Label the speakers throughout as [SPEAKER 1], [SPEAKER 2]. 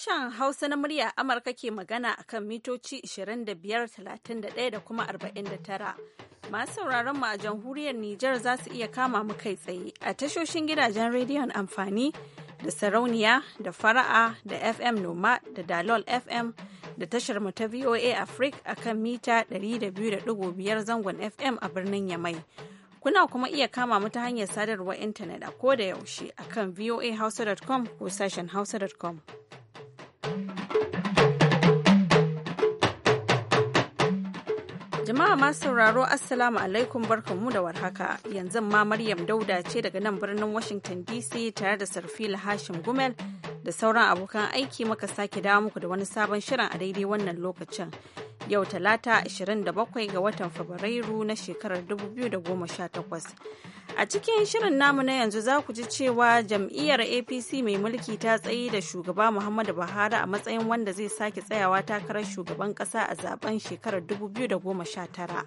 [SPEAKER 1] Sashen Hausa na murya Amurka ke magana a kan mitoci 25,31 da kuma 49. Masu sauraron mu a jamhuriyar Nijar za su iya kama mu kai tsaye a tashoshin gidajen rediyon amfani da sarauniya da fara'a da FM Noma da Dalol FM da tashar mu ta VOA Africa a kan mita 200.5 zangon FM a birnin Yamai. Kuna kuma iya kama mu ta hanyar sadarwar intanet a ko da yaushe a kan voahausa.com ko sashen hausa.com. Jama'a masu sauraro Assalamu alaikum barkanmu da warhaka. Yanzu ma Maryam Dauda ce daga nan birnin Washington DC tare da Sarfila Hashim Gumel da sauran abokan aiki muka sake dawo muku da wani sabon shirin a daidai wannan lokacin. Yau talata 27 ga watan Fabrairu na shekarar 2018. A cikin shirin namu na yanzu za ku ji cewa jam'iyyar APC mai mulki ta tsayi da shugaba Muhammadu Buhari a matsayin wanda zai sake tsayawa takarar shugaban kasa a zaben shekarar 2019.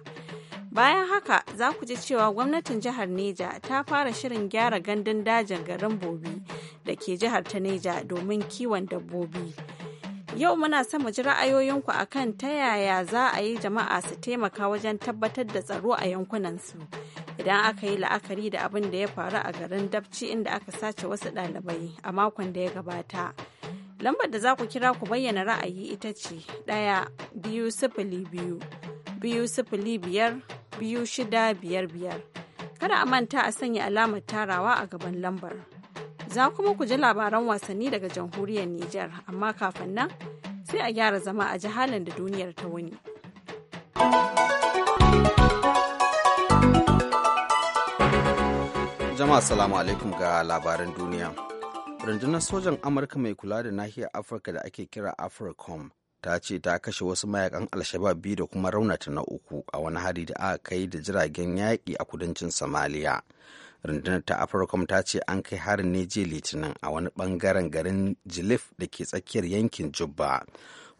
[SPEAKER 1] bayan haka za ku ji cewa gwamnatin jihar neja ta fara shirin gyara gandun dajin garin bobi da ke jihar ta neja domin kiwon dabbobi yau muna son mu ji ra'ayoyinku akan ta yaya za a yi jama'a su taimaka wajen tabbatar da tsaro a yankunansu idan aka yi la'akari da abin da ya faru a garin dabci inda aka sace wasu ɗalibai a makon da ya gabata lambar da za ku kira ku bayyana ra'ayi ita ce ɗaya biyu sifili biyu biyu sifili biyar biyu shida biyar biyar. Kada a manta a sanya alamar tarawa a gaban lambar. Za kuma ku ji labaran wasanni daga jamhuriyar Nijar, amma kafin nan sai a gyara zama a jihalin da duniyar ta wuni.
[SPEAKER 2] Jama'a salamu alaikum ga labaran duniya. Rundunar sojan Amurka mai kula da nahiyar Afirka da ake kira AFRICOM ta ce ta kashe wasu mayakan alshabab biyu da kuma raunata na uku a wani hari da aka kai da jiragen yaƙi a kudancin somalia rundunar ta afirka ta ce an kai harin ne jiya litinin a wani bangaren garin jilif da ke tsakiyar yankin jubba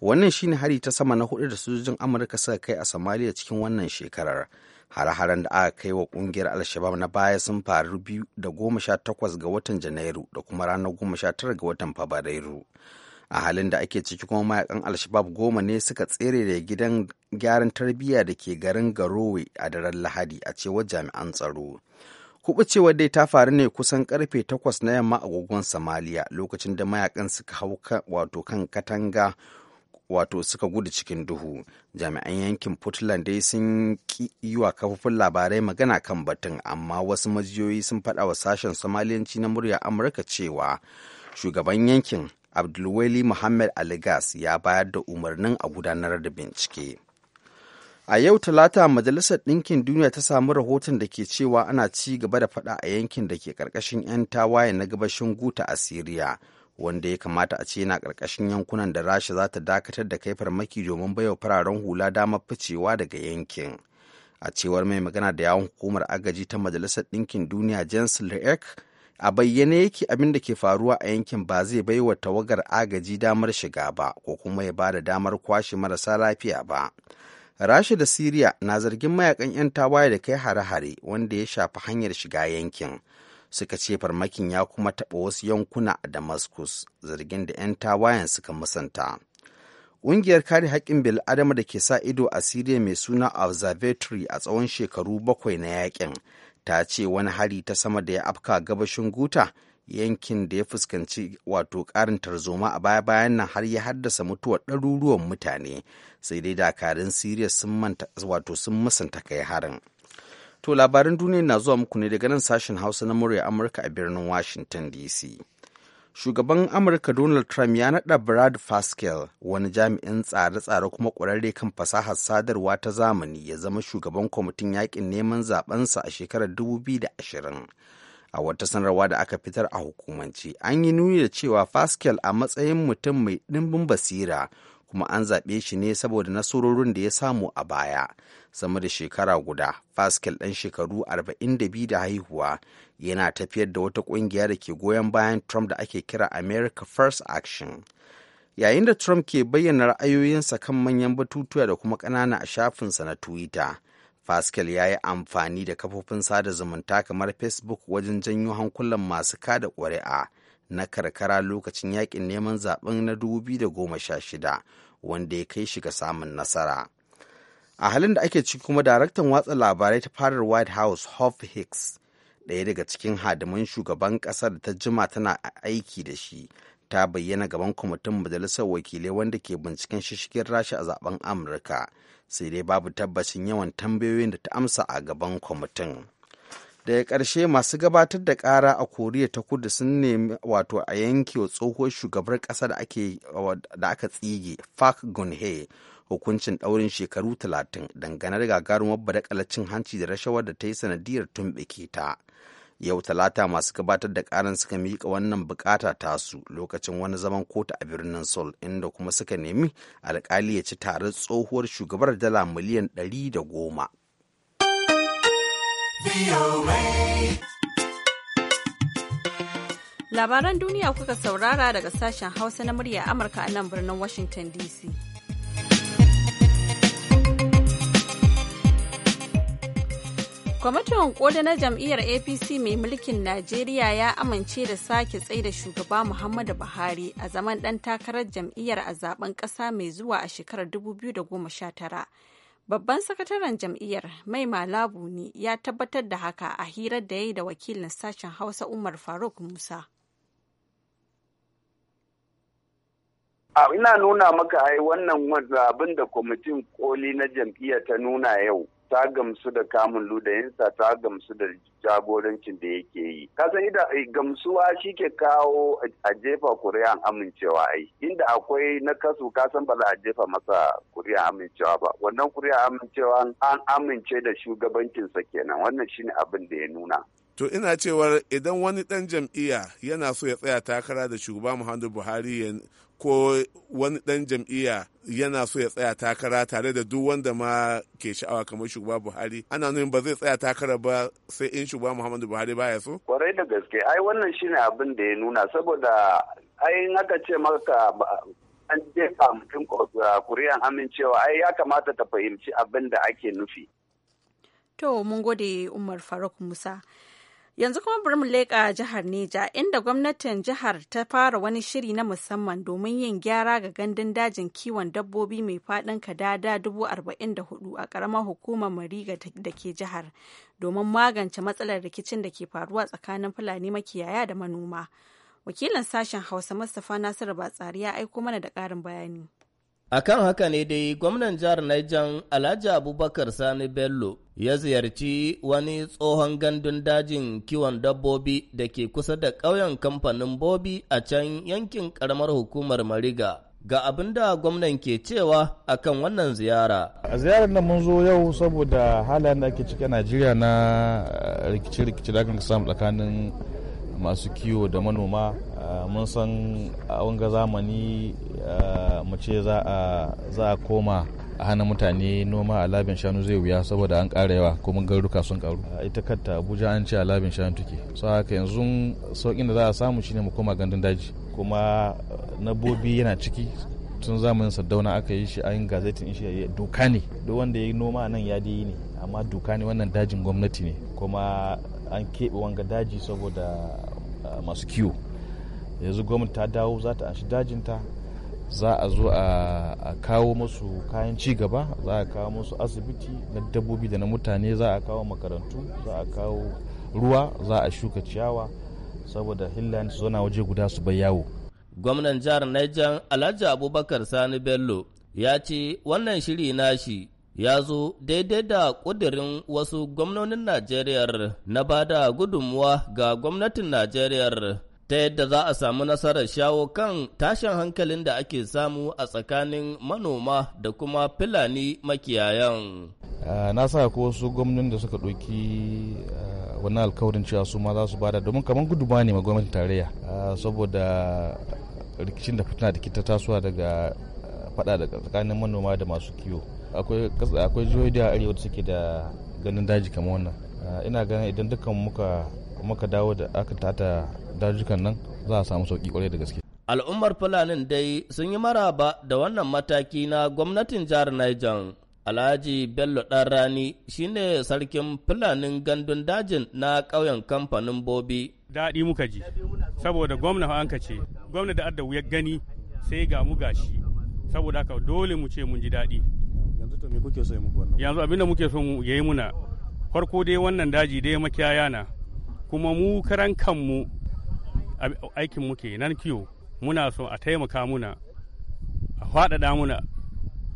[SPEAKER 2] wannan shine hari ta sama na hudu da sojojin amurka suka kai a somalia cikin wannan shekarar hare-haren da aka kai wa kungiyar alshabab na baya sun faru biyu da goma sha takwas ga watan janairu da kuma ranar goma sha tara ga watan fabrairu a halin da ake ciki kuma mayakan alshabab goma ne suka tsere da gidan gyaran tarbiyya da ke garin garowe a daren lahadi a cewar jami'an tsaro kubucewar dai ta faru ne kusan karfe 8 na yamma agogon samaliya lokacin da mayakan suka hau wato kan katanga wato suka gudu cikin duhu jami'an yankin puntland dai sun ki yi wa kafofin labarai magana kan batun amma wasu majiyoyi sun faɗa wa sashen somaliyanci na murya amurka cewa shugaban yankin abdulwali muhammad aligas ya bayar da umarnin a gudanar da bincike a yau talata majalisar ɗinkin duniya ta samu rahoton da ke cewa ana ci gaba da faɗa a yankin da ke ƙarƙashin 'yan tawaye na gabashin guta a siriya wanda ya kamata a ce yana ƙarƙashin yankunan da rasha za ta dakatar da kai farmaki domin baiwa fararen hula damar ficewa daga yankin a cewar mai magana da yawon hukumar agaji ta majalisar ɗinkin duniya jens Leek a bayyane yake abin da ke faruwa a yankin ba zai bai wa tawagar agaji damar shiga ba ko kuma ya ba da damar kwashe marasa lafiya ba rasha da siriya na zargin mayakan 'yan tawaye da kai hare-hare wanda ya shafi hanyar shiga yankin suka ce farmakin ya kuma taɓa wasu yankuna a damascus zargin da 'yan tawayen suka musanta ƙungiyar kare haƙƙin bil'adama da ke sa ido a siriya mai suna observatory a tsawon shekaru bakwai na yakin ta ce wani hari ta sama da ya afka gabashin guta yankin da ya fuskanci wato karin tarzoma a baya-bayan nan har ya haddasa mutuwar ɗaruruwan mutane sai dai dakarun siriya sun musanta kai harin to labaran duniya na zuwa muku ne daga nan sashen hausa na murya amurka a birnin washington dc shugaban amurka donald trump ya naɗa brad pascal wani jami'in tsare-tsare kuma ƙwararre kan fasahar sadarwa ta zamani ya zama shugaban kwamitin yakin neman zabensa a shekarar 2020 a wata sanarwa da aka fitar a hukumance an yi nuni da cewa pascal a matsayin mutum mai ɗimbin basira kuma an zaɓe shi ne saboda nasarorin da ya samu a baya sama da shekara guda pascal ɗan shekaru 42 da haihuwa yana tafiyar da wata ƙungiya da ke goyon bayan trump da ake kira america first action yayin da trump ke bayyana ra'ayoyinsa kan manyan batutuwa da kuma ƙanana a shafinsa na twitter Pascal ya yi amfani da kafofin sada zumunta kamar Facebook wajen janyo hankulan masu kada ƙuri'a na karkara lokacin yakin neman zaben na 2016 wanda ya kai shi ga samun nasara. A halin da ake ciki kuma daraktan watsa labarai ta fadar White House Hoff Hicks ɗaya daga cikin hadiman shugaban ƙasar da ta jima tana aiki da shi ta bayyana gaban kwamitin majalisar wakilai wanda ke binciken shishigin rasha a zaben amurka sai dai babu tabbacin yawan tambayoyin da ta amsa a gaban kwamitin daga ƙarshe masu gabatar da ƙara a koriya ta kudu sun nemi wato a yanke wa tsohuwar shugabar ƙasa da aka tsige park gunhe hukuncin ɗaurin shekaru talatin dangane da gagarumar badakalar cin hanci da rashawar da ta yi sanadiyar tumɓuke ta yau talata masu gabatar da ƙaran suka miƙa wannan bukata tasu lokacin wani zaman kotu a birnin sol inda kuma suka nemi alkali ya ci tare tsohuwar shugabar dala miliyan ɗari da goma
[SPEAKER 1] Labaran duniya kuka saurara daga sashen Hausa na murya Amurka a nan birnin Washington DC. Kwamitin koda na jam'iyyar APC mai mulkin Najeriya ya amince da sake tsaida shugaba Muhammadu Buhari a zaman ɗan takarar jam'iyyar a zaben ƙasa mai zuwa a shekarar 2019. Babban sakataren jam'iyyar Mai Malabu ne ya tabbatar da haka a hirar da ya yi da wakilin sashen Hausa Umar Faruk Musa.
[SPEAKER 3] ina nuna maka ai wannan abin da kwamitin koli na jam'iyya ta nuna yau ta gamsu da kamun ludayinsa ta gamsu da jagorancin da yake yi kasan ida eh, gamsuwa shi ke kawo a jefa kuri'a amincewa ai inda akwai na kasu kasan ba za a jefa masa kuri'a amincewa ba wannan kuri'a amincewa an amince da shugabancinsa kenan wannan shine abin da ya nuna
[SPEAKER 4] To ina cewar idan wani ɗan jam'iyya yana so ya tsaya takara da shugaba Muhammadu Buhari ko wani dan jam'iyya yana so ya tsaya takara tare da duk wanda ma ke sha'awa kamar shugaba buhari ana nuna ba zai tsaya takara ba sai in shugaba muhammadu buhari baya so
[SPEAKER 3] kwarai da gaske ai wannan shine abin da ya nuna saboda ai in aka ce maka an jefa mutum kuri'an amincewa ai ya kamata ta fahimci abin da ake nufi
[SPEAKER 1] to mun gode umar faruk musa Yanzu kuma bari mu leƙa jihar Neja inda gwamnatin jihar ta fara wani shiri na musamman domin yin gyara ga gandun dajin kiwon dabbobi mai faɗin kadada dubu arba'in da hudu a ƙaramar hukumar Mariga da ke jihar domin magance matsalar rikicin da ke faruwa tsakanin Fulani makiyaya da manoma. Wakilin sashen Hausa Mustapha Nasiru Batsari ya aiko mana da ƙarin bayani.
[SPEAKER 5] a kan haka ne dai gwamnan jihar Niger Alhaji Abubakar Sani Bello ya ziyarci wani tsohon gandun dajin kiwon dabbobi da ke kusa da ƙauyen kamfanin Bobi a can yankin ƙaramar hukumar Mariga. Ga abin da gwamnan ke cewa a kan wannan ziyara.
[SPEAKER 6] A ziyarar nan mun zo yau saboda halayen da ake ciki a Najeriya na eh, rikici-rikici da aka samu tsakanin masu kiwo da manoma Eh, mun san a wanga zamani eh, mu ce za a koma a hana mutane noma a labin shanu zai wuya saboda an ƙara yawa kuma garuruka sun karu eh, ita katta abuja an ce a labin shanu take so haka yanzu sauƙin da za a samu shine mu koma gandun daji kuma na bobi yana ciki tun zamanin sardauna aka yi shi an gazetin shi doka ne duk wanda ya yi noma nan ya yi ne amma doka ne wannan dajin gwamnati ne kuma an keɓe wanga daji saboda masu kiwo yanzu gwamnati ta dawo za ta anshi dajinta za a zo a kawo masu kayan ci gaba za a kawo masu asibiti na dabbobi da na mutane za a kawo makarantu za a kawo ruwa za a shuka ciyawa saboda hillan su waje guda su bai yawo
[SPEAKER 5] gwamnan jihar Niger Alhaji Abubakar Sani Bello ya ce wannan shiri nashi ya zo daidai da ƙudirin wasu gwamnonin Najeriya na bada gudunmuwa ga gwamnatin Najeriya ta yadda za a samu nasarar shawo kan tashin hankalin da ake samu a tsakanin manoma da kuma filani makiyayan.
[SPEAKER 6] na sa ko su gwamnin da suka ɗauki wani alkawarin cewa su ma za su bada domin kamar guduma ne ma gwamnatin tarayya saboda rikicin da fitina da ke ta tasowa daga fada da tsakanin manoma da masu kiwo akwai jihohi da arewa da suke da ganin daji kamar wannan ina ganin idan dukkan muka dawo da aka tata dajujjukan nan za a samu sauki kwarai da gaske
[SPEAKER 5] al'ummar Fulani dai sun yi maraba da wannan mataki na gwamnatin jihar niger Alhaji Bello Ɗanrani shi ne sarkin Fulani gandun dajin na ƙauyen kamfanin Bobi. Daɗi muka ji, saboda
[SPEAKER 3] gwamna an ka ce, gwamna da adda wuyar gani sai ga mu gashi, saboda haka dole mu ce mun ji daɗi. Yanzu to me kuke so muku wannan? Yanzu abin da muke so mu yayi muna. Farko dai wannan daji dai makiyaya na, kuma mu karan kanmu aikin muke nan kiwo muna so a taimaka muna a faɗaɗa muna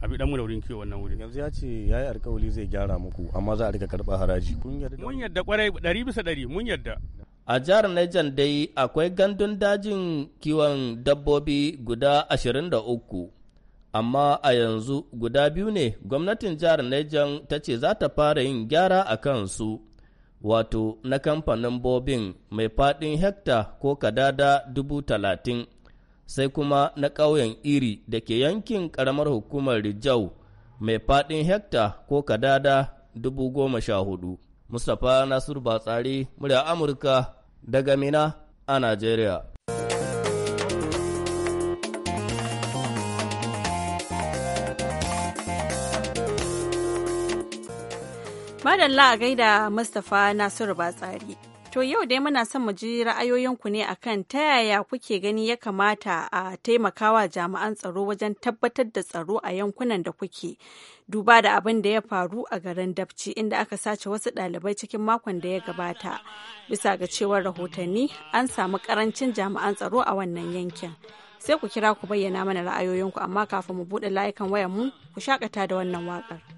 [SPEAKER 3] a bi dan
[SPEAKER 5] wurin kiwo wannan wurin yanzu ya ce yayi alkawali zai gyara muku amma za a rika karɓa haraji
[SPEAKER 3] mun yadda kwarai ɗari bisa ɗari mun yadda
[SPEAKER 5] a jihar Niger dai akwai gandun dajin kiwon dabbobi guda ashirin da uku amma a yanzu guda biyu ne gwamnatin jihar Niger ta ce za ta fara yin gyara a kansu wato na kamfanin bobin mai faɗin hekta ko kadada dubu talatin sai kuma na ƙauyen iri da ke yankin ƙaramar hukumar rijau mai faɗin hekta ko kadada dubu goma sha hudu mustapha nasiru batsari murya amurka daga mina a najeriya
[SPEAKER 1] Madalla a gaida Mustapha Nasiru Batsari. To yau dai muna son mu ji ra'ayoyinku ne akan ta yaya kuke gani ya kamata a taimakawa jami'an tsaro wajen tabbatar da tsaro a yankunan da kuke. Duba da abin da ya faru a garin Dabci inda aka sace wasu ɗalibai cikin makon da ya gabata. Bisa ga cewar rahotanni an samu ƙarancin jami'an tsaro a wannan yankin. Sai ku kira ku bayyana mana ra'ayoyinku amma kafin mu buɗe layukan wayar mu ku shakata da wannan waƙar.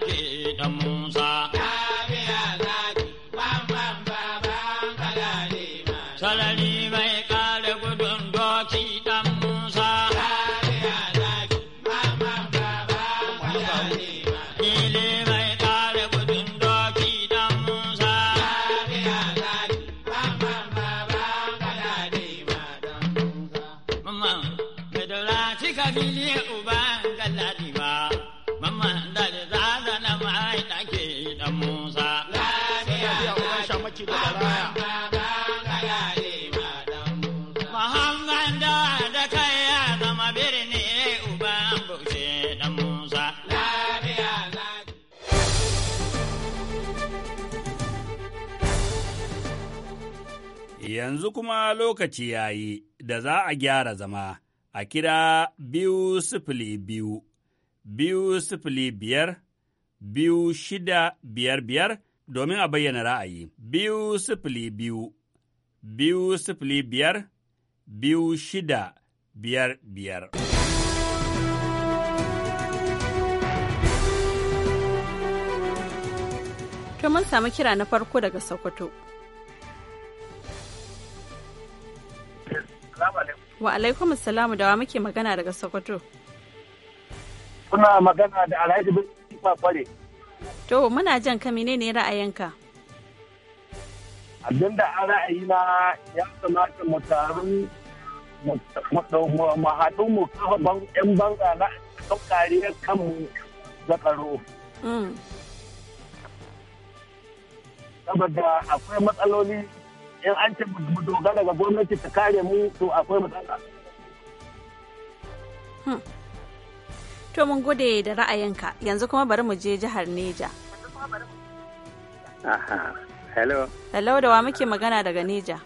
[SPEAKER 3] yanzu kuma lokaci ya yi da za a gyara zama a kira biyu sifili biyu, biyu sifili biyar, biyu shida biyar biyar domin a bayyana ra'ayi, biyu sifili biyu, biyu sifili biyar, biyu shida biyar biyar.
[SPEAKER 1] Kamar mun samu kira na farko daga Sokoto. Wa alaikum salamu da wa muke magana daga Sokoto.
[SPEAKER 7] Kuna magana da Alhaji Bukki kware.
[SPEAKER 1] To muna jan ka ne ra'ayinka?
[SPEAKER 7] Abin da ra'ayina ya kamata mu taru mu haɗu mu kafa ‘yan banza na kan kariyar kanmu da mm. Saboda akwai matsaloli in an ce mu dogara ga gwamnati ta kare mu to akwai matsala.
[SPEAKER 1] Hmm. To mun gode da ra'ayinka yanzu kuma bari mu je jihar Neja. hello. Hello da wa muke magana daga Neja.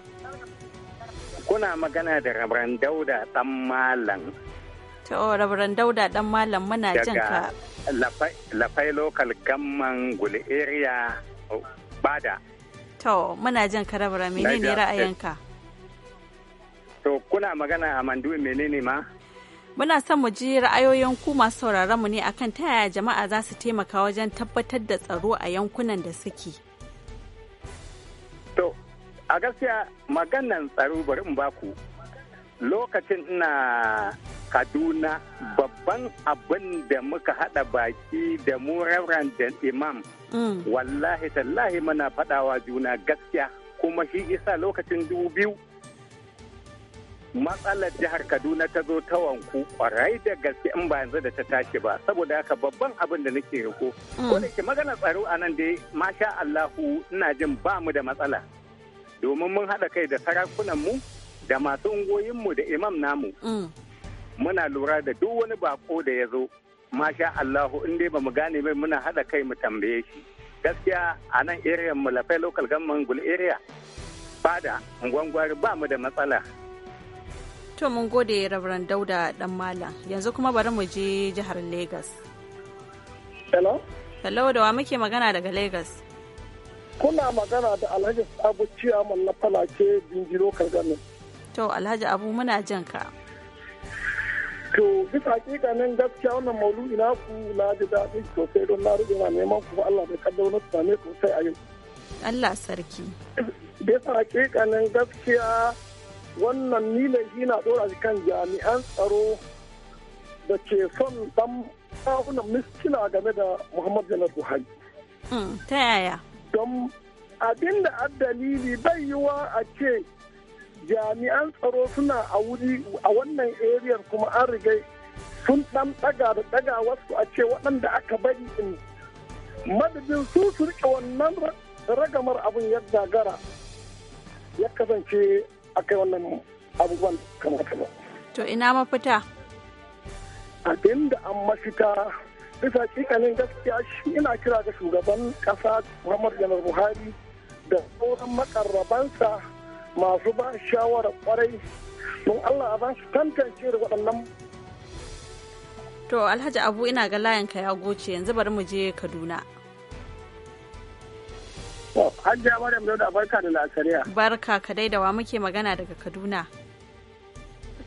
[SPEAKER 3] Kuna magana da Rabran Dauda ɗan
[SPEAKER 1] Malam. To Rabran Dauda ɗan Malam muna jin ka.
[SPEAKER 3] Lafai local gamman gule area bada.
[SPEAKER 1] To muna jin karabara menene ra'ayinka?
[SPEAKER 3] To kuna magana a manduwi menene ma?
[SPEAKER 1] Muna son mu ji ra'ayoyin ku masu sauraron mu ne akan ta yaya jama'a za su taimaka wajen tabbatar da tsaro a yankunan da suke.
[SPEAKER 3] To a gaskiya maganan tsaro bari in ku lokacin ina Kaduna babban abin da muka hada baki da mu Reverend imam wallahi tallahi muna fadawa juna gaskiya kuma shi isa lokacin dubu biyu matsalar jihar kaduna ta zo ta wanku kwarai da gaske in ba yanzu da ta tashi ba saboda haka babban abin da nake riko mm. ko da ke magana tsaro a nan dai masha allahu ina jin ba mu da matsala domin mun haɗa kai da sarakunan mu da masu ungoyinmu da imam namu mm. muna lura da duk wani bako da ya zo masha Allahu in dai ba mu gane mai muna hada kai mu tambaye shi gaskiya a nan area mu lafai local government gul area fada ngwangwari ba mu da matsala
[SPEAKER 1] to mun gode rabaran dauda dan malam yanzu kuma bari mu je jihar Lagos hello hello da wa muke magana daga Lagos
[SPEAKER 7] kuna magana da Alhaji Sabu Ciyaman na Falake Binjiro Kaganin
[SPEAKER 1] to Alhaji Abu muna jan ka
[SPEAKER 7] To bisa hakika nan gaskiya wannan maulu na ku na ji daɗi sosai don na rubu na neman ku Allah bai kaddaro na same sosai a yau.
[SPEAKER 1] Allah sarki.
[SPEAKER 7] Bisa hakika nan gaskiya wannan nila shi na ɗora shi kan jami'an tsaro da ke son ɗan ɗan miskila game da Muhammad Janar Buhari.
[SPEAKER 1] Mm, ta yaya?
[SPEAKER 7] Don abin da dalili bai yiwa a ce jami'an tsaro suna a wuri a wannan ariyar kuma an riga sun dan daga da daga wasu a ce waɗanda aka bari in madadin su su rike wannan ragamar abin ya gagara ya kasance kai wannan abubuwan kamar ba.
[SPEAKER 1] to ina mafita
[SPEAKER 7] abin da an mafita bisa kikanin gaskiya shi ina kira ga shugaban ƙasa muhammadu janar buhari da sauran makarrabansa masu ba shawara kwarai don Allah a ba su tantance da waɗannan
[SPEAKER 1] To Alhaji Abu ina ga layinka ya goce yanzu bari mu je Kaduna.
[SPEAKER 7] Hajiya Maryam Dauda barka da lasariya.
[SPEAKER 1] Barka ka da wa muke magana daga Kaduna.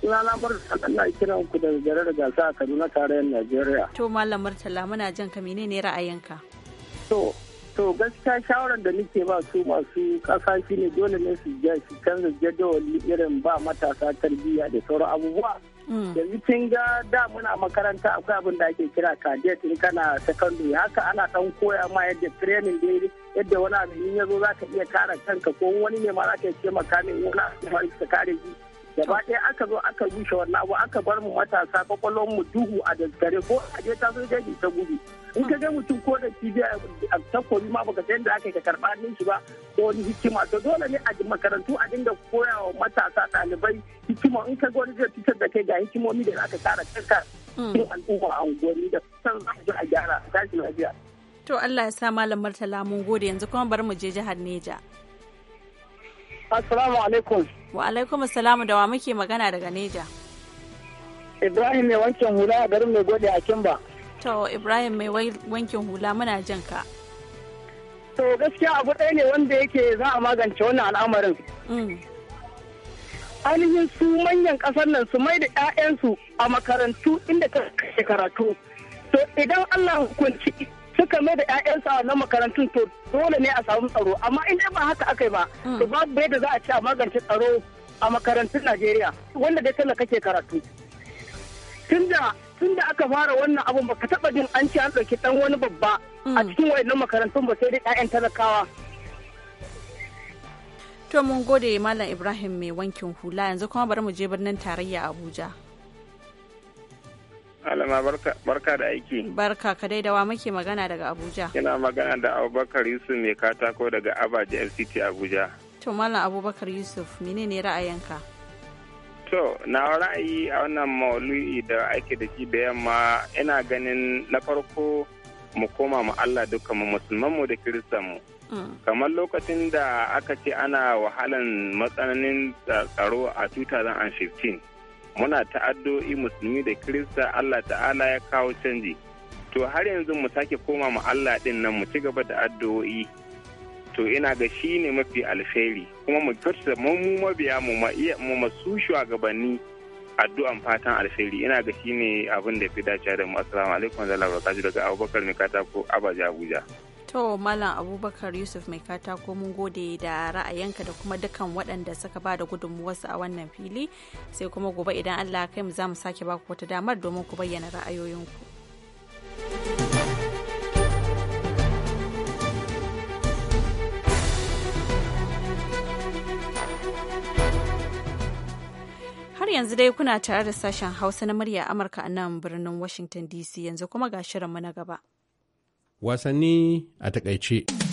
[SPEAKER 1] Suna na bar na
[SPEAKER 7] kiran ku da zare da gasa a Kaduna tarayyar Najeriya.
[SPEAKER 1] To Malam Murtala muna jan ka menene ra'ayinka?
[SPEAKER 7] To to gaskiya shawarar da nake ba su masu kasa shi ne dole ne su su canza jadawali irin ba matasa tarbiyya da sauran abubuwa mm. yanzu kin ga da muna makaranta akwai abin da ake kira cadet in kana secondary haka ana dan koya ma yadda training da yadda wani abin ya zo za ka iya kare kanka ko wani ne ma za ka iya ce makamin wani da ka kare shi gaba ɗaya aka zo aka rushe wannan abu aka bar mu matasa kwakwalwar mu duhu a daskare ko a je ta zo ta gudu in ka ga mutum ko da cibiya a takobi ma baka san da aka ka karɓa hannun shi ba ko wani hikima to dole ne a makarantu a dinga koya wa matasa ɗalibai hikima in ka ga wani zai fitar da kai ga hikimomi da aka kara kanka hmm. cikin al'umma a unguwanni da san za a gyara tashi lafiya.
[SPEAKER 1] To Allah ya sa Malam Murtala mun gode yanzu kuma bari mu je jihar Neja. Assalamu alaikum. Wa alaikum assalamu da wa muke magana daga Neja.
[SPEAKER 7] Ibrahim mai wankin hula a garin mai gode a Kimba.
[SPEAKER 1] To Ibrahim mai wankin hula muna jin ka.
[SPEAKER 7] To gaskiya abu ɗaya ne wanda yake za a magance wannan al'amarin. Mm. Ainihin su manyan ƙasar nan su mai da 'ya'yansu a makarantu inda ta karatu. To idan Allah hukunci suka mai da 'ya'yansa sa wannan makarantun to dole ne a samu tsaro amma in ba haka aka yi ba hmm. to babu da za a ci a magance tsaro a makarantun Najeriya wanda dai talaka ke karatu tunda tun aka fara wannan abun ba ka taba jin an ce an dauki dan wani babba a hmm. cikin wayannan makarantun ba sai dai 'ya'yan talakawa
[SPEAKER 1] to mun gode malam ibrahim mai wankin hula yanzu kuma bari mu je birnin tarayya abuja
[SPEAKER 3] Malama barka da aiki.
[SPEAKER 1] Barka ka dai dawa muke magana daga Abuja. Kina
[SPEAKER 3] magana da Abubakar Yusuf mai katako daga Abaji FCT Abuja.
[SPEAKER 1] To Malam Abubakar Yusuf menene ra'ayinka? To
[SPEAKER 3] na ra'ayi a wannan maulu'i da ake da shi da yamma ina ganin na farko mu koma mu Allah dukkan mu musulman mu da kiristan mu. Mm. Kamar lokacin da aka ce ana wahalan matsananin tsaro a 2015. muna ta'addo'i musulmi da kirista allah ta'ala ya kawo canji to har yanzu mu sake koma mu allah din nan mu ci gaba da addu'o'i to ina ga shi ne mafi alheri kuma mu kyautata mu mabiya mu mu masu shugabanni addu'an fatan alheri ina ga shi ne abin da fi dace da mu assalamu alaikum wa rahmatullahi daga abubakar ne katako abaja abuja
[SPEAKER 1] To Malam Abubakar Yusuf mai katako mun gode da ra'ayinka da kuma dukkan waɗanda suka ba da gudunmuwarsu a wannan fili sai kuma gobe idan Allah kai mu za mu sake baku wata damar domin ku bayyana ra'ayoyinku. Har yanzu dai kuna tare da sashen Hausa na murya Amurka a nan birnin Washington DC yanzu kuma ga shirin mu na gaba.
[SPEAKER 3] wasanni a takaice.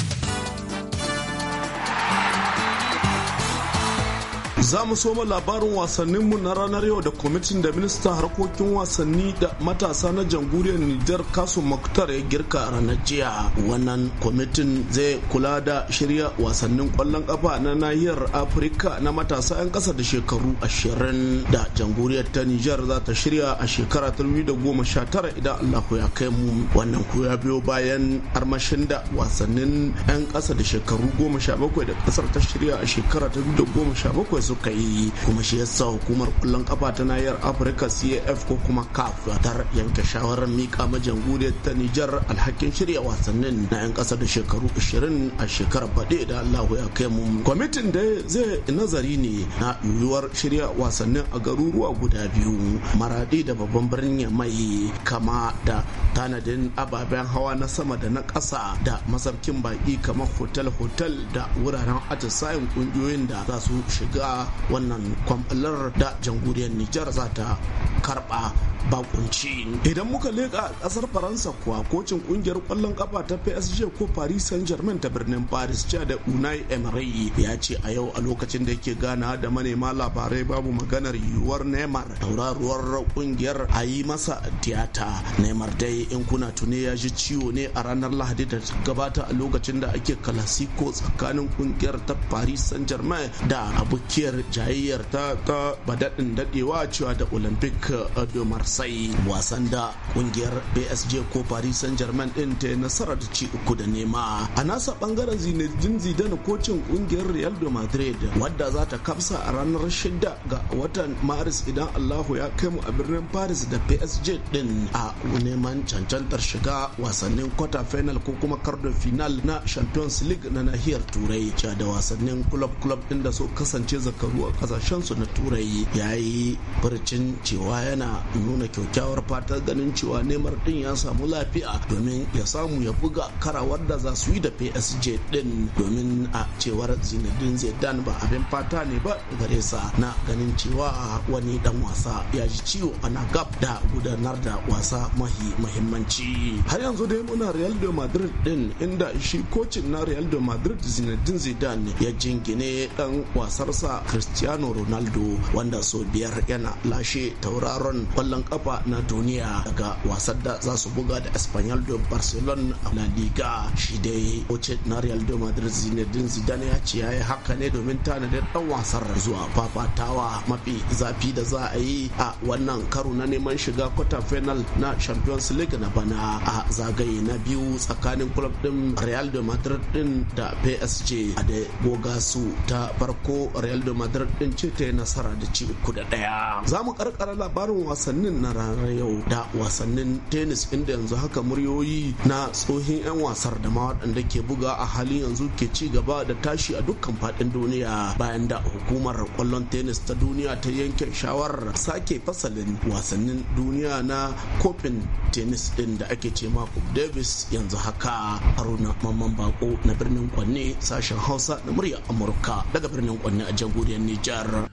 [SPEAKER 4] Za mu soma labarin wasanninmu na ranar yau da kwamitin da Minista harkokin wasanni da matasa na jamhuriyar Nijar Kasu Maktar ya girka ranar jiya. Wannan kwamitin zai kula da shirya wasannin kwallon kafa na nahiyar Afirka na matasa 'yan kasa da shekaru ashirin da jamhuriyar ta Nijar za ta shirya a shekara tara idan allahu ya kai mu. Wannan ku ya biyo bayan armashin da wasannin 'yan kasa da shekaru goma sha bakwai da ƙasar ta shirya a shekara bakwai suka yi kuma shi yasa hukumar kwallon kafa ta nahiyar afirka caf ko kuma caf tar yanke shawarar mika majan ta nijar alhakin shirya wasannin na 'yan kasa da shekaru 20 a shekarar baɗe da allahu ya kai mu kwamitin da zai nazari ne na yiwuwar shirya wasannin a garuruwa guda biyu maradi da babban birnin mai kama da tanadin ababen hawa na sama da na ƙasa da masarkin baƙi kamar hotel-hotel da wuraren atisayen ƙungiyoyin da za su shiga wannan kwamfalar da jamhuriyar nijar za ta karba bakunci idan muka leƙa ƙasar faransa kuwa kocin ƙungiyar ƙwallon ƙafa ta psg ko paris saint germain ta birnin paris ja da unai emery ya ce a yau a lokacin da yake gana da manema labarai babu maganar yiwuwar neymar tauraruwar ƙungiyar a yi masa tiyata neymar dai in kuna tuni ya ji ciwo ne a ranar lahadi da gabata a lokacin da ake kalasiko tsakanin ƙungiyar ta paris saint germain da abokiyar jayayyar ta ta badadin daɗewa cewa da olympic eh, de marseille wasan da kungiyar psg ko paris saint germain din ta yi nasarar ci uku da nema a nasa bangaren zinedine zidane kocin kungiyar real de madrid wadda za ta kafsa a ranar shida ga watan maris idan allahu ya kai mu a birnin paris da psg din a neman cancantar shiga wasannin quarter final ko kuma kardo final na champions league na nahiyar turai da wasannin club club ɗin da so kasance zaka shekaru a kasashensu na turai ya yi furcin cewa yana nuna kyaukyawar fatar ganin cewa neymar din ya samu lafiya domin ya samu ya buga karawar da za su yi da psg din domin a cewar zinedine zidane ba abin fata ne ba gare sa na ganin cewa wani dan wasa ya ji ciwo ana gab da gudanar da wasa mahi mahimmanci har yanzu dai muna real de madrid din inda shi kocin na real de madrid zinedine zidane ya jingine dan wasarsa cristiano ronaldo wanda sau biyar yana lashe tauraron kwallon kafa na duniya daga wasan da za su buga da espanyol da barcelona a la liga shi dai coach na real de madrid zinedine zidane ya ce yayi haka ne domin tanadin dan wasar. zuwa fafatawa mafi zafi da za a yi a wannan karo na neman shiga kwata final na champions league na bana a zagaye na biyu tsakanin club din real de madrid din da psg a da goga su ta farko real de madrid madrid din ce ta yi nasara da ci uku da ɗaya za mu karkara labarin wasannin na ranar yau da wasannin tennis inda yanzu haka muryoyi na tsohin 'yan wasar da ma waɗanda ke buga a halin yanzu ke ci gaba da tashi a dukkan faɗin duniya bayan da hukumar kwallon tennis ta duniya ta yanke shawarar sake fasalin wasannin duniya na kofin tennis din da ake ce ma davis yanzu haka haruna mamman bako na birnin kwanne sashen hausa na murya amurka daga birnin kwanne a jamhuriyar Nijar.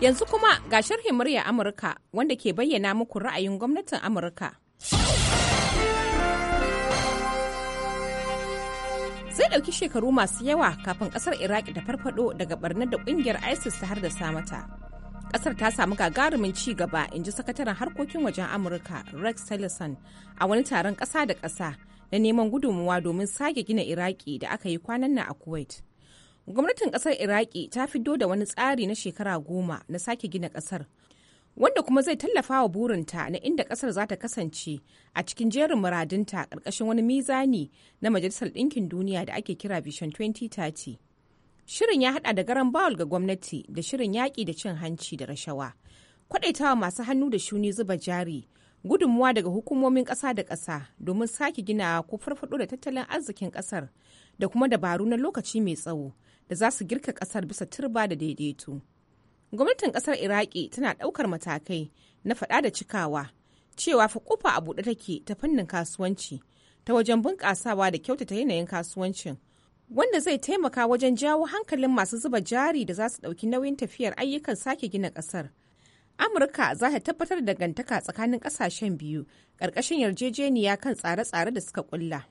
[SPEAKER 8] Yanzu kuma ga sharhin murya Amurka wanda ke bayyana muku ra'ayin gwamnatin Amurka. zai ɗauki shekaru masu yawa kafin ƙasar iraki ta farfaɗo daga barnar da ƙungiyar isis ta har da samata. kasar ta samu gagarumin ci gaba in ji sakataren harkokin wajen amurka rex tillerson a wani taron kasa da kasa na neman gudunmuwa domin sake gina iraki da aka yi kwanan nan a kuwait gwamnatin kasar iraki ta fiddo da wani tsari na shekara goma na sake gina kasar wanda kuma zai tallafa wa burinta na inda kasar za ta kasance a cikin jerin muradinta ƙarƙashin wani mizani na majalisar ɗinkin duniya da ake kira vision 2030 Shirin ya hada da garan bawul ga gwamnati da shirin yaƙi da cin hanci da rashawa, kwaɗaitawa masu hannu da shuni zuba jari, gudunmuwa daga hukumomin ƙasa da ƙasa domin sake ginawa ko farfaɗo da tattalin arzikin ƙasar da kuma dabaru na lokaci mai tsawo da za su girka ƙasar bisa turba da daidaito. Gwamnatin ƙasar Iraki tana ɗaukar matakai na faɗa da cikawa cewa fa kofa a buɗe take ta fannin kasuwanci ta wajen bunƙasawa da kyautata yanayin kasuwancin wanda zai taimaka wajen jawo hankalin masu zuba jari da za su ɗauki nauyin tafiyar ayyukan sake gina ƙasar. Amurka za ta tabbatar da dangantaka tsakanin ƙasashen biyu ƙarƙashin yarjejeniya kan tsare-tsare da suka ƙulla.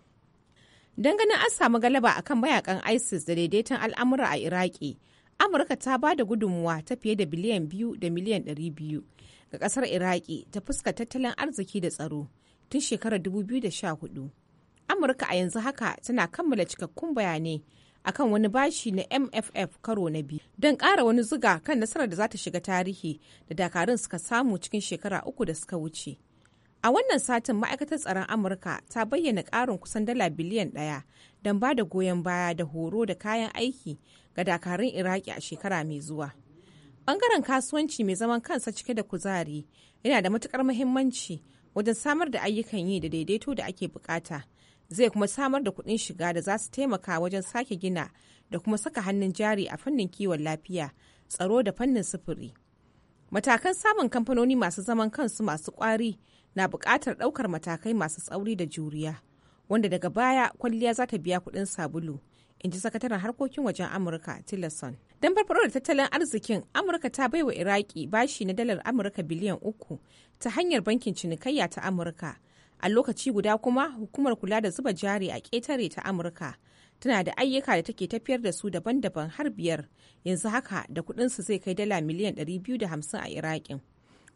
[SPEAKER 8] ganin an samu galaba akan mayakan ISIS da daidaiton al'amura a Iraki, Amurka ta ba da gudunmuwa ta fiye da biliyan biyu da miliyan ɗari biyu ga ƙasar Iraki ta fuska tattalin arziki da tsaro tun shekarar 2014. amurka a yanzu haka tana kammala cikakkun bayanai akan wani bashi na mff karo na biyu don ƙara wani zuga kan nasarar da za ta shiga tarihi da dakarun suka samu cikin shekara uku da suka wuce a wannan satin ma'aikatar tsaron amurka ta bayyana ƙarin kusan dala biliyan ɗaya don ba da goyon baya da horo da kayan aiki ga dakarun iraki a shekara mai zuwa bangaren kasuwanci mai zaman kansa cike da kuzari yana da matukar muhimmanci wajen samar da ayyukan yi da daidaito da ake bukata zai kuma samar da kuɗin shiga da za su taimaka wajen sake gina da kuma saka hannun jari a fannin kiwon lafiya tsaro da fannin sufuri matakan samun kamfanoni masu zaman kansu masu ƙwari na bukatar ɗaukar matakai masu tsauri da juriya wanda daga baya kwalliya za ta biya kuɗin sabulu in ji sakataren harkokin wajen amurka tillerson don farfaro da tattalin arzikin amurka ta baiwa iraki bashi na dalar amurka biliyan uku ta hanyar bankin cinikayya ta amurka a lokaci guda kuma hukumar kula da zuba jari a ƙetare ta amurka tana da ayyuka da take tafiyar da su daban-daban har biyar yanzu haka da kudinsu zai kai dala miliyan 250 a iraƙin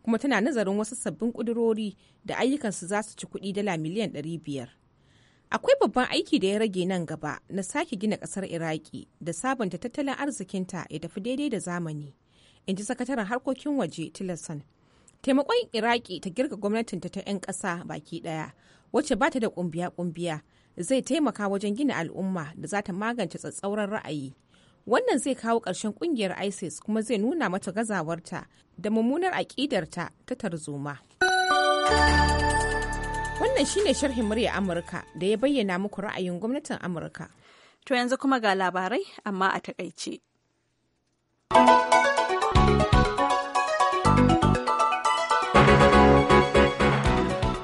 [SPEAKER 8] kuma tana nazarin wasu sabbin ƙudurori da ayyukansu za su ci kuɗi dala miliyan 500 akwai babban aiki da ya rage nan gaba na sake gina ƙasar iraki da sabunta tattalin arzikinta ya tafi daidai da zamani in ji sakataren harkokin waje tilerson taimakon iraki ta girka gwamnatinta ta 'yan ƙasa baki ɗaya wacce ba ta da ƙumbiya-ƙumbiya zai taimaka wajen gina al'umma da za ta magance tsatsauran ra'ayi wannan zai kawo ƙarshen ƙungiyar isis kuma zai nuna mata gazawarta da mummunar aƙidarta ta tarzoma wannan shine sharhin murya amurka da ya bayyana muku ra'ayin gwamnatin amurka to yanzu kuma ga labarai amma a takaice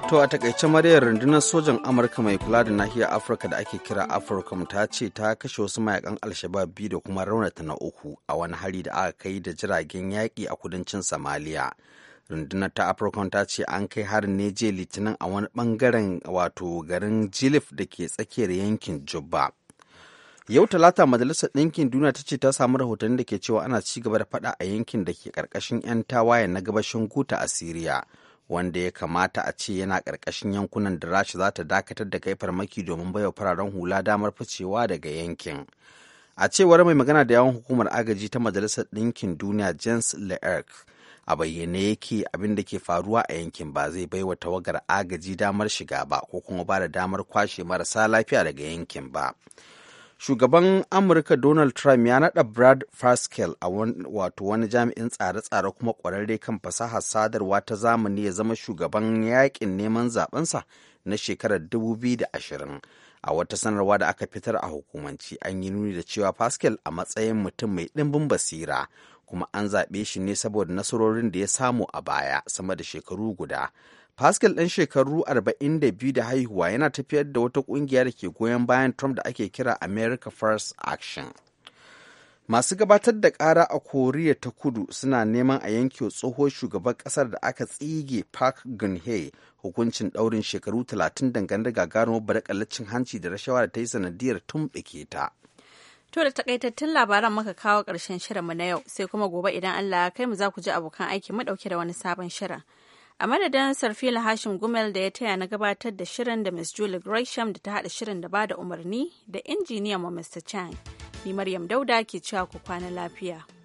[SPEAKER 2] To a takaice maryar rundunar sojan Amurka mai kula da nahiyar Afirka da ake kira Afirka ta ce ta kashe wasu mayakan Alshabab biyu da kuma raunata na uku a wani hari da aka kai da jiragen yaƙi a kudancin Somalia. Rundunar ta Afirka ta ce an kai harin ne jiya Litinin a wani bangaren wato garin Jilif da ke tsakiyar yankin Jubba. Yau Talata Majalisar Ɗinkin Duniya ta ce ta samu rahotanni da ke cewa ana ci gaba da faɗa a yankin da ke ƙarƙashin 'yan tawaye na gabashin Guta a Siriya. wanda ya kamata a ce yana ƙarƙashin yankunan da rasha za ta dakatar da kai farmaki domin baiwa fararen hula damar ficewa daga yankin a cewar mai magana da yawon hukumar agaji ta majalisar ɗinkin duniya james leerk a bayyane yake abin da ke faruwa a yankin ba zai baiwa tawagar agaji damar shiga ba ko kuma ba da damar kwashe marasa lafiya daga yankin ba shugaban amurka donald trump ya nada brad pascal a wato wani jami'in tsare-tsare kuma kwararre kan fasahar sadarwa ta zamani ya zama shugaban yakin neman zabensa na shekarar 2020 a wata sanarwa da aka fitar a hukumanci an yi nuni da cewa pascal a matsayin mutum mai ɗimbin basira kuma an zaɓe shi ne saboda nasarorin da ya samu a baya sama da shekaru guda Pascal ɗan shekaru 42 da haihuwa yana tafiyar da wata ƙungiya da ke goyon bayan Trump da ake kira America First Action. Masu gabatar da ƙara a Koriya ta kudu suna neman a yanke tsohon shugaban ƙasar da aka tsige Park geun hukuncin ɗaurin shekaru 30 dangane da gagarumar barakalacin hanci da rashawa da ta yi sanadiyar tumɓuke ta.
[SPEAKER 1] To da takaitattun labaran muka kawo ƙarshen mu na yau sai kuma gobe idan Allah ya kai mu za ku ji abokan aiki mu ɗauke da wani sabon shirin. a madadin sarfila hashim gumel da ya taya na gabatar da shirin da miss julie gresham da ta haɗa shirin da bada umarni da injiniyan ma mr chang ni maryam dauda ke cewa ku kwana lafiya